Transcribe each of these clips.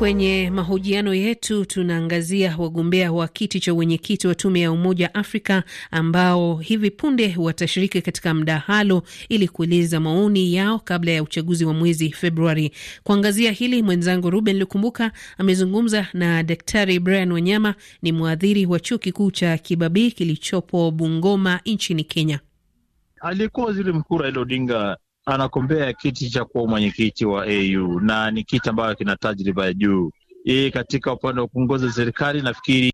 Kwenye mahojiano yetu tunaangazia wagombea wa kiti cha wenyekiti wa tume ya Umoja Afrika ambao hivi punde watashiriki katika mdahalo ili kueleza maoni yao kabla ya uchaguzi wa mwezi Februari. Kuangazia hili, mwenzangu Ruben Lukumbuka amezungumza na Daktari Brian Wanyama, ni mwadhiri wa chuo kikuu cha Kibabii kilichopo Bungoma nchini Kenya. Aliyekuwa waziri mkuu Raila Odinga anakombea kiti cha kuwa mwenyekiti wa AU na ni kiti ambayo kina tajriba ya juu. Hii katika upande wa kuongoza serikali nafikiri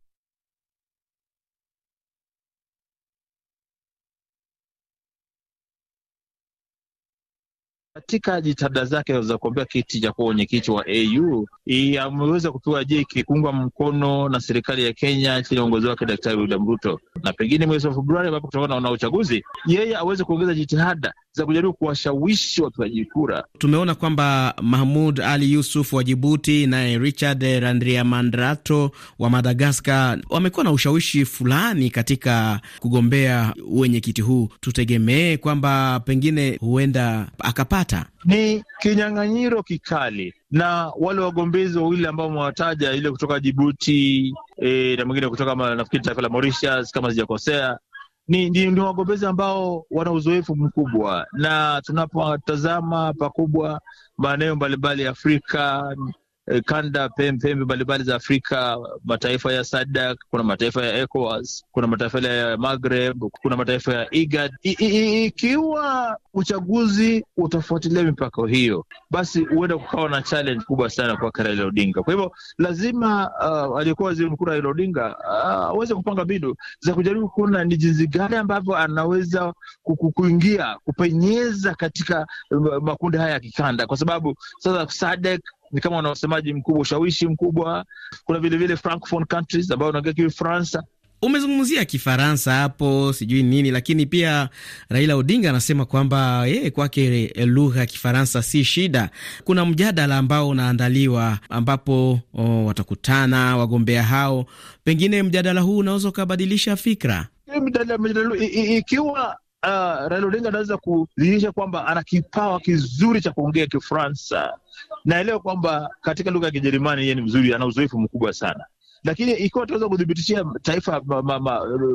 katika jitihada zake za kuombea kiti cha kuwa wenyekiti wa AU ameweza kupewa je ikiungwa mkono na serikali ya Kenya chini ya uongozi wake Daktari William Ruto, na pengine mwezi wa Februari ambapo kutokana na uchaguzi yeye aweze kuongeza jitihada za kujaribu kuwashawishi wapigaji kura. Tumeona kwamba Mahmud Ali Yusuf wa Jibuti naye Richard Randriamandrato wa Madagaskar wamekuwa na ushawishi fulani katika kugombea wenyekiti huu. Tutegemee kwamba pengine huenda akapata sita. Ni kinyang'anyiro kikali na wale wagombezi wawili ambao wamewataja ile kutoka Jibuti e, na mwingine kutoka nafikiri taifa la Mauritius kama sijakosea ni, ni, ni wagombezi ambao wana uzoefu mkubwa, na tunapotazama pakubwa maeneo mbalimbali ya Afrika Eh, kanda pembe mbalimbali za Afrika, mataifa ya SADC, kuna mataifa ya ECOWAS, kuna mataifa ya Maghreb, kuna mataifa ya IGAD. Ikiwa uchaguzi utafuatilia mipaka hiyo, basi huenda kukawa na challenge kubwa sana kwa Raila Odinga. Kwa hivyo lazima uh, aliyekuwa waziri mkuu Raila Odinga uh, aweze uh, kupanga mbinu za kujaribu kuona ni jinsi gani ambavyo anaweza kuingia kupenyeza katika uh, makundi haya ya kikanda, kwa sababu sasa SADC ni kama wana usemaji mkubwa, ushawishi mkubwa. Kuna vilevile francophone countries ambayo wanaongea Kifaransa. Umezungumzia Kifaransa hapo sijui nini, lakini pia Raila Odinga anasema kwamba yeye eh, kwake lugha ya Kifaransa si shida. Kuna mjadala ambao unaandaliwa ambapo oh, watakutana wagombea hao. Pengine mjadala huu unaweza ukabadilisha fikra ikiwa uh, Raila Odinga anaweza kudhihirisha kwamba ana kipawa kizuri cha kuongea Kifaransa naelewa kwamba katika lugha ya Kijerumani yeye ni mzuri, ana uzoefu mkubwa sana, lakini ikiwa tunaweza kudhibitishia taifa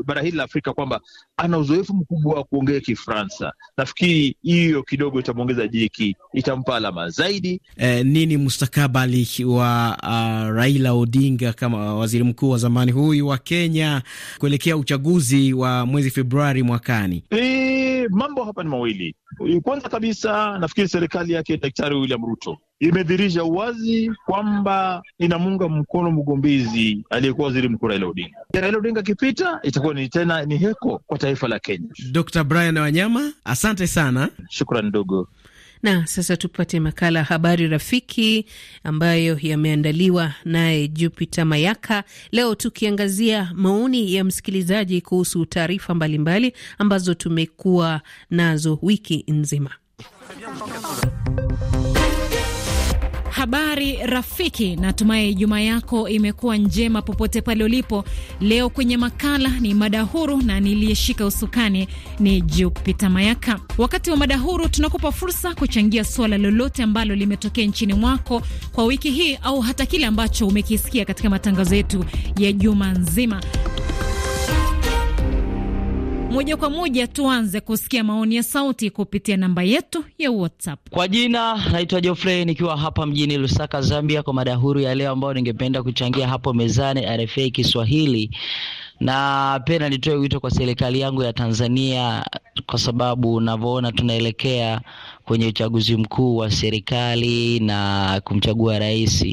bara hili la Afrika kwamba ana uzoefu mkubwa wa kuongea Kifransa, nafikiri hiyo kidogo itamwongeza jiki, itampa alama zaidi. Eh, nini mustakabali wa uh, Raila Odinga kama waziri mkuu wa zamani huyu wa Kenya kuelekea uchaguzi wa mwezi Februari mwakani? e mambo hapa ni mawili. Kwanza kabisa, nafikiri serikali yake Daktari William Ruto imedhirisha uwazi kwamba inamunga mkono mgombezi aliyekuwa waziri mkuu Raila Odinga. Raila Odinga akipita itakuwa ni tena ni heko kwa taifa la Kenya. Dr Brian Wanyama, asante sana. Shukran ndogo na sasa tupate makala ya habari rafiki ambayo yameandaliwa naye Jupiter Mayaka, leo tukiangazia maoni ya msikilizaji kuhusu taarifa mbalimbali ambazo tumekuwa nazo wiki nzima. Habari rafiki, natumai juma yako imekuwa njema popote pale ulipo. Leo kwenye makala ni mada huru na niliyeshika usukani ni Jupita Mayaka. Wakati wa mada huru, tunakupa fursa kuchangia suala lolote ambalo limetokea nchini mwako kwa wiki hii au hata kile ambacho umekisikia katika matangazo yetu ya juma nzima. Moja kwa moja tuanze kusikia maoni ya sauti kupitia namba yetu ya WhatsApp. Kwa jina naitwa Geoffrey nikiwa hapa mjini Lusaka, Zambia, kwa mada huru ya leo ambayo ningependa kuchangia hapo mezani RFA Kiswahili na nitoe wito kwa serikali yangu ya Tanzania kwa sababu unavyoona tunaelekea kwenye uchaguzi mkuu wa serikali na kumchagua rais.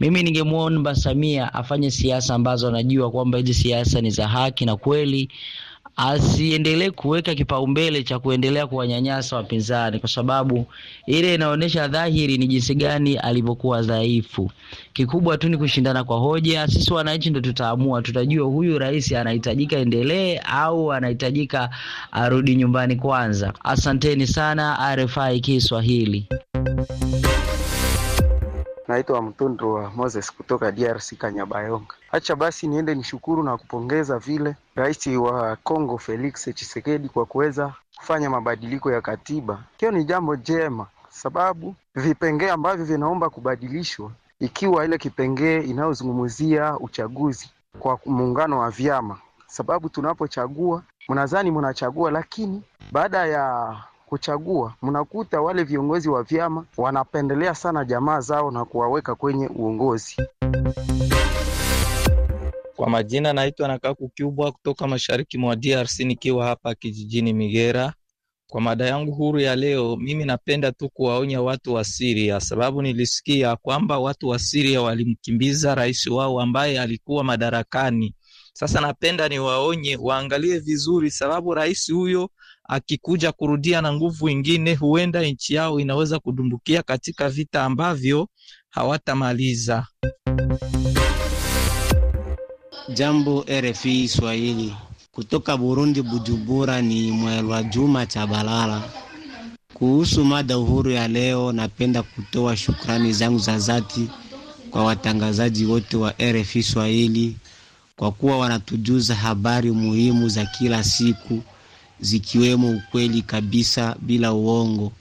Mimi ningemwomba Samia afanye siasa ambazo anajua kwamba hizi siasa ni za haki na kweli, asiendelee kuweka kipaumbele cha kuendelea kuwanyanyasa wapinzani, kwa sababu ile inaonyesha dhahiri ni jinsi gani alivyokuwa dhaifu. Kikubwa tu ni kushindana kwa hoja. Sisi wananchi ndo tutaamua, tutajua huyu rais anahitajika endelee au anahitajika arudi nyumbani kwanza. Asanteni sana RFI Kiswahili naitwa Mtundu wa Moses kutoka DRC Kanyabayonga. Acha basi niende nishukuru na kupongeza vile rais wa Kongo Felix Tshisekedi kwa kuweza kufanya mabadiliko ya katiba. Hiyo ni jambo jema, sababu vipengee ambavyo vinaomba kubadilishwa, ikiwa ile kipengee inayozungumzia uchaguzi kwa muungano wa vyama, sababu tunapochagua mnadhani mnachagua, lakini baada ya kuchagua, mnakuta wale viongozi wa vyama wanapendelea sana jamaa zao na kuwaweka kwenye uongozi. Kwa majina naitwa Nakaku Kubwa kutoka mashariki mwa DRC nikiwa hapa kijijini Migera. Kwa mada yangu huru ya leo, mimi napenda tu kuwaonya watu wa Siria sababu nilisikia kwamba watu wa Siria walimkimbiza rais wao ambaye alikuwa madarakani. Sasa napenda niwaonye waangalie vizuri, sababu rais huyo akikuja kurudia na nguvu ingine, huenda nchi yao inaweza kudumbukia katika vita ambavyo hawatamaliza. Jambo RFI Swahili kutoka Burundi, Bujumbura, ni Mwelwa Juma Chabalala. Kuhusu mada uhuru ya leo, napenda kutoa shukrani zangu za dhati kwa watangazaji wote wa RFI Swahili kwa kuwa wanatujuza habari muhimu za kila siku zikiwemo ukweli kabisa bila uongo.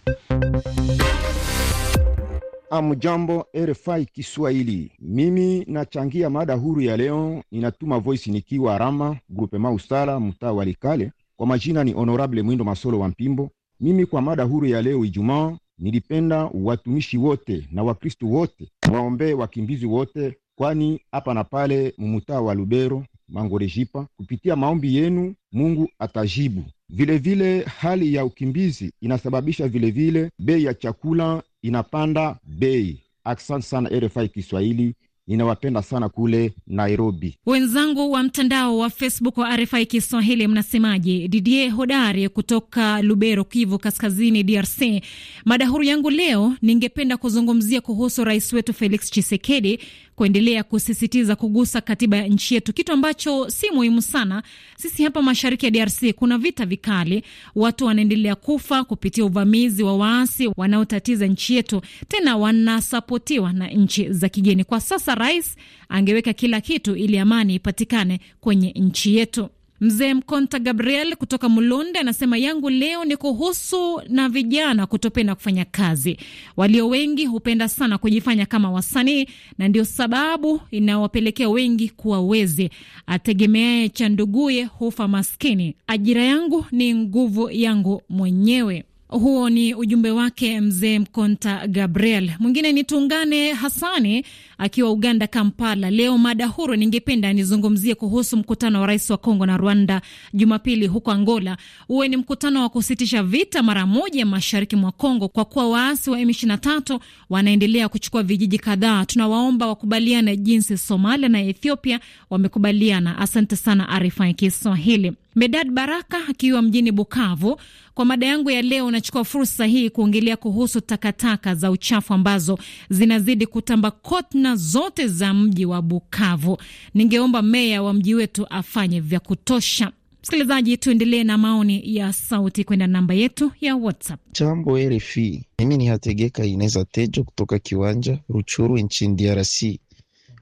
Amjambo, RFI Kiswahili. Mimi nachangia mada huru ya leo, ninatuma voice nikiwa Rama grupema Usala, mtaa wa Likale. Kwa majina ni Honorable Mwindo Masolo wa Mpimbo. Mimi kwa mada huru ya leo Ijumaa, nilipenda watumishi wote na Wakristu wote waombee wakimbizi wote, kwani hapa na pale mumutaa wa Lubero Mangorejipa. Kupitia maombi yenu Mungu atajibu. Vilevile vile, hali ya ukimbizi inasababisha vilevile bei ya chakula inapanda bei. Asante sana RFI Kiswahili. Ninawapenda sana kule Nairobi. Wenzangu wa mtandao wa Facebook wa RFI Kiswahili, mnasemaje? Didier Hodari kutoka Lubero, Kivu Kaskazini, DRC. Mada huru yangu leo, ningependa kuzungumzia kuhusu rais wetu Felix chisekedi kuendelea kusisitiza kugusa katiba ya nchi yetu, kitu ambacho si muhimu sana. Sisi hapa mashariki ya DRC kuna vita vikali, watu wanaendelea kufa kupitia uvamizi wa waasi wanaotatiza nchi yetu, tena wanasapotiwa na nchi za kigeni. Kwa sasa rais angeweka kila kitu ili amani ipatikane kwenye nchi yetu. Mzee Mkonta Gabriel kutoka Mulunde anasema yangu leo ni kuhusu na vijana kutopenda kufanya kazi. Walio wengi hupenda sana kujifanya kama wasanii, na ndio sababu inawapelekea wengi kuwa wezi. Ategemeaye cha nduguye hufa maskini. Ajira yangu ni nguvu yangu mwenyewe. Huo ni ujumbe wake mzee Mkonta Gabriel. Mwingine ni Tungane Hasani akiwa Uganda, Kampala. Leo mada huru, ningependa nizungumzie kuhusu mkutano wa rais wa Kongo na Rwanda Jumapili huko Angola, uwe ni mkutano wa kusitisha vita mara moja mashariki mwa Kongo, kwa kuwa waasi wa M23 wanaendelea kuchukua vijiji kadhaa. Tunawaomba wakubaliane jinsi Somalia na Ethiopia wamekubaliana. Asante sana, Arifa ya Kiswahili. Medad Baraka akiwa mjini Bukavu. Kwa mada yangu ya leo, nachukua fursa hii kuongelea kuhusu takataka za uchafu ambazo zinazidi kutamba kotna zote za mji wa Bukavu. Ningeomba meya wa mji wetu afanye vya kutosha. Msikilizaji, tuendelee na maoni ya sauti kwenda namba yetu ya WhatsApp. Chambo RFI, mimi ni Hategeka Ineza Tejo kutoka kiwanja Ruchuru nchini DRC.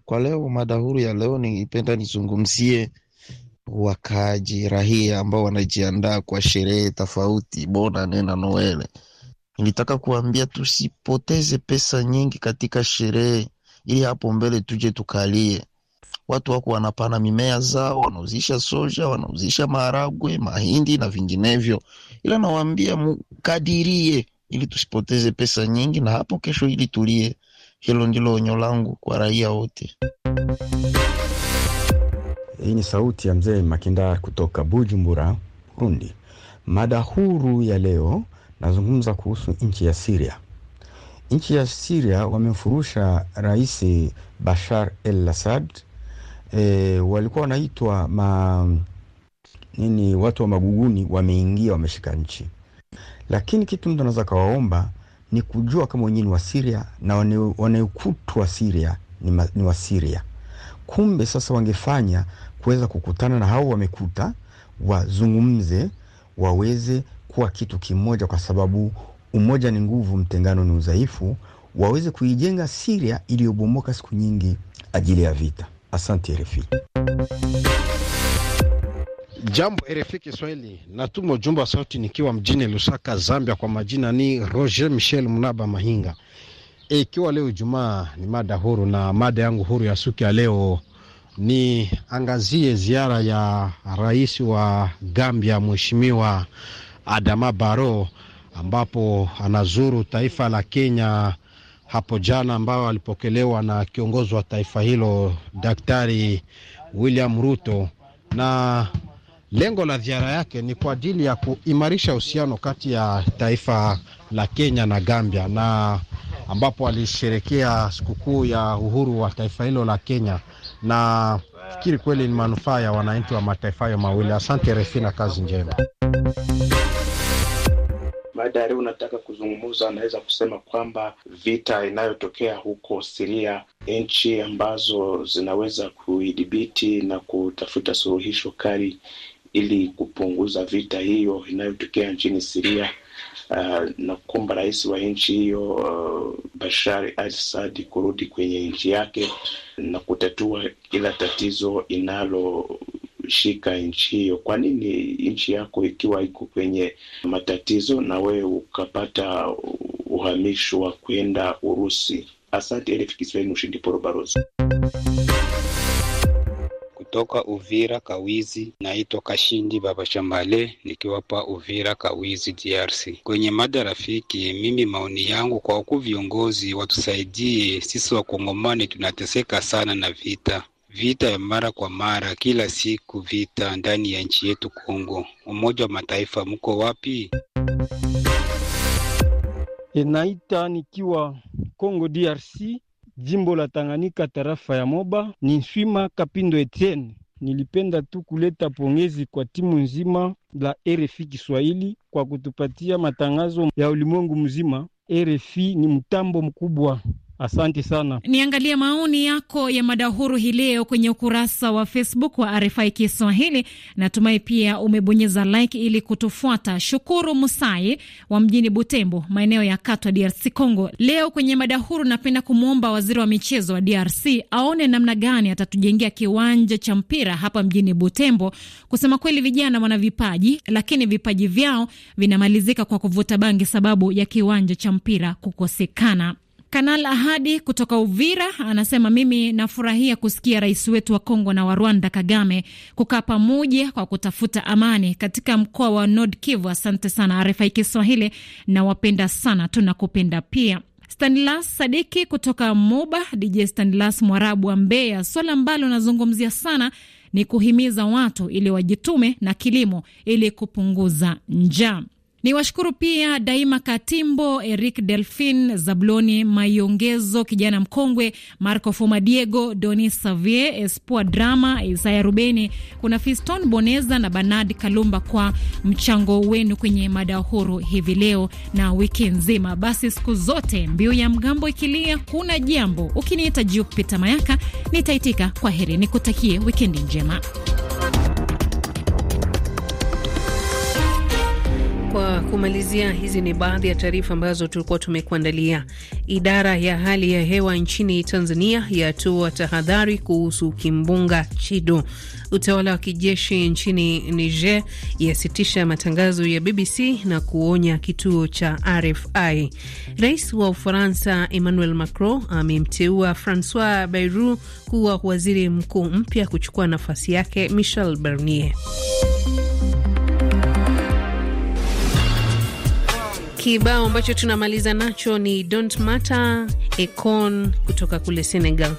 Kwa leo mada huru ya leo, ningependa nizungumzie wakaaji rahia ambao wanajiandaa kwa sherehe tofauti, bona nena Noele. Nilitaka kuambia tusipoteze pesa nyingi katika sherehe, ili hapo mbele tuje tukalie. Watu wako wanapana mimea zao, wanauzisha soja, wanauzisha maharagwe, mahindi na vinginevyo, ila nawaambia mkadirie, ili tusipoteze pesa nyingi, na hapo kesho ili tulie. Hilo ndilo onyo langu kwa raia wote. Hii ni sauti ya mzee Makinda kutoka Bujumbura, Burundi. Mada huru ya leo nazungumza kuhusu nchi ya siria Nchi ya siria wamemfurusha Rais Bashar el-Assad. E, walikuwa wanaitwa ma nini, watu wa maguguni, wameingia wameshika nchi, lakini kitu mtu anaweza kawaomba ni kujua kama wenyewe ni Wasiria na wanaokutwa Siria ni, ni Wasiria kumbe sasa wangefanya kuweza kukutana na hao wamekuta, wazungumze, waweze kuwa kitu kimoja, kwa sababu umoja ni nguvu, mtengano ni udhaifu, waweze kuijenga siria iliyobomoka siku nyingi ajili ya vita. Asante RFI. Jambo RFI Kiswahili, natuma ujumbe wa sauti nikiwa mjini Lusaka, Zambia. Kwa majina ni Roger Michel Mnaba Mahinga. Ikiwa e, leo Ijumaa ni mada huru, na mada yangu huru ya suki ya leo ni angazie ziara ya rais wa Gambia Mheshimiwa Adama Barrow ambapo anazuru taifa la Kenya hapo jana, ambayo alipokelewa na kiongozi wa taifa hilo Daktari William Ruto, na lengo la ziara yake ni kwa ajili ya kuimarisha uhusiano kati ya taifa la Kenya na Gambia na ambapo alisherekea sikukuu ya uhuru wa taifa hilo la Kenya, na fikiri kweli ni manufaa ya wananchi wa mataifa hayo mawili. Asante refi na kazi njema. Baada ya leo nataka kuzungumza, anaweza kusema kwamba vita inayotokea huko Siria, nchi ambazo zinaweza kuidhibiti na kutafuta suluhisho kali ili kupunguza vita hiyo inayotokea nchini Siria uh, eh, na kuomba rais wa nchi hiyo uh, Bashar al-Assad kurudi kwenye nchi yake na kutatua kila tatizo inaloshika nchi hiyo. Kwa nini nchi yako ikiwa iko kwenye matatizo na wewe ukapata uhamisho wa kwenda Urusi? Asante elfu Kiswahili, ushindi porobarozi kutoka Uvira Kawizi. Naitwa Kashindi Baba Shambale nikiwapa Uvira Kawizi DRC. Kwenye mada rafiki, mimi maoni yangu kwa wakuu viongozi watusaidie sisi Wakongomani, tunateseka sana na vita vita ya mara kwa mara, kila siku vita ndani ya nchi yetu Kongo. Umoja wa Mataifa, mko wapi? Naita nikiwa Kongo DRC jimbo la Tanganyika, tarafa ya Moba. Ni Nswima Kapindo Etienne. Nilipenda tu kuleta pongezi kwa timu nzima la RFI Kiswahili kwa kutupatia matangazo ya ulimwengu mzima. RFI ni mtambo mkubwa Asante sana. Niangalie maoni yako ya mada huru hii leo kwenye ukurasa wa Facebook wa RFI Kiswahili. Natumai pia umebonyeza like ili kutufuata. Shukuru Musai wa mjini Butembo, maeneo ya Katwa, DRC Congo. Leo kwenye mada huru, napenda kumwomba waziri wa michezo wa DRC aone namna gani atatujengea kiwanja cha mpira hapa mjini Butembo. Kusema kweli, vijana wana vipaji, lakini vipaji vyao vinamalizika kwa kuvuta bangi sababu ya kiwanja cha mpira kukosekana. Kanal Ahadi kutoka Uvira anasema mimi nafurahia kusikia rais wetu wa Kongo na wa Rwanda Kagame kukaa pamoja kwa kutafuta amani katika mkoa wa Nord Kivu. Asante sana RFI Kiswahili, nawapenda sana, tunakupenda pia. Stanlas Sadiki kutoka Moba, DJ Stanlas Mwarabu wa Mbeya, swala ambalo nazungumzia sana ni kuhimiza watu ili wajitume na kilimo ili kupunguza njaa. Ni washukuru pia Daima Katimbo, Eric Delphin, Zabloni Mayongezo, kijana mkongwe, Marco Diego Doni Savier, Espoa Drama, Isaya Rubeni, kuna Fiston Boneza na banad Kalumba kwa mchango wenu kwenye mada huru hivi leo na wiki nzima. Basi siku zote mbiu ya mgambo ikilia, kuna jambo. Ukiniita Jupita Mayaka nitaitika. Kwa heri, nikutakie wikendi njema. Kwa kumalizia, hizi ni baadhi ya taarifa ambazo tulikuwa tumekuandalia. Idara ya hali ya hewa nchini Tanzania yatoa tahadhari kuhusu kimbunga Chido. Utawala wa kijeshi nchini Niger yasitisha matangazo ya BBC na kuonya kituo cha RFI. Rais wa Ufaransa Emmanuel Macron amemteua Francois Bayrou kuwa waziri mkuu mpya kuchukua nafasi yake Michel Barnier. Kibao ambacho tunamaliza nacho ni Don't Matter Econ kutoka kule Senegal.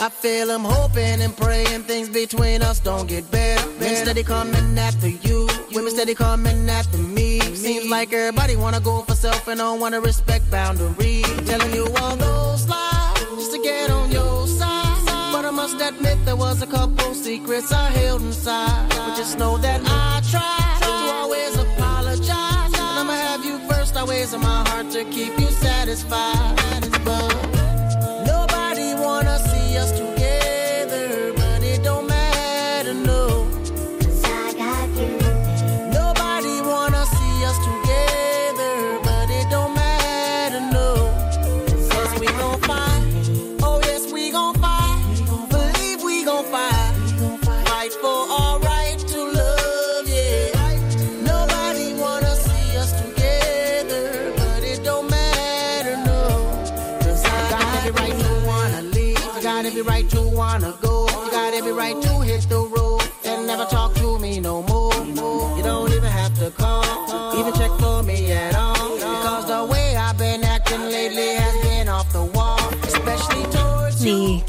I feel I'm hoping and praying things between us don't get better. Men steady coming after you, women steady coming after me. Seems like everybody wanna go for self and don't wanna respect boundaries. Telling you all those lies just to get on your side. But I must admit there was a couple secrets I held inside. But just know that I tried to always apologize. And I'ma have you first, always in my heart to keep you satisfied. every right to wanna go. You got every right to hit the road and never talk to me no more. You don't even have to call.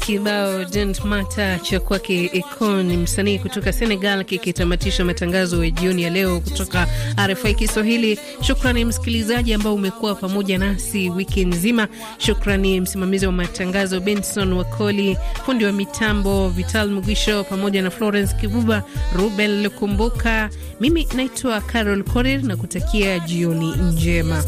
Kibao dent mata cha kwake Econ, msanii kutoka Senegal, kikitamatisha matangazo ya jioni ya leo kutoka RFI Kiswahili. Shukrani msikilizaji ambao umekuwa pamoja nasi wiki nzima. Shukrani msimamizi wa matangazo Benson Wakoli, fundi wa mitambo Vital Mugisho, pamoja na Florence Kibuba, Ruben Lukumbuka. Mimi naitwa Carol Korir na kutakia jioni njema.